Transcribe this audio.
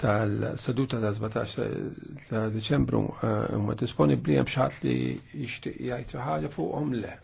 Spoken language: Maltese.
tal-seduta ta' 17 ta' Deċembru eh, huma disponibbli hemm xi li jixtieq jgħid ħaġa fuqhom le.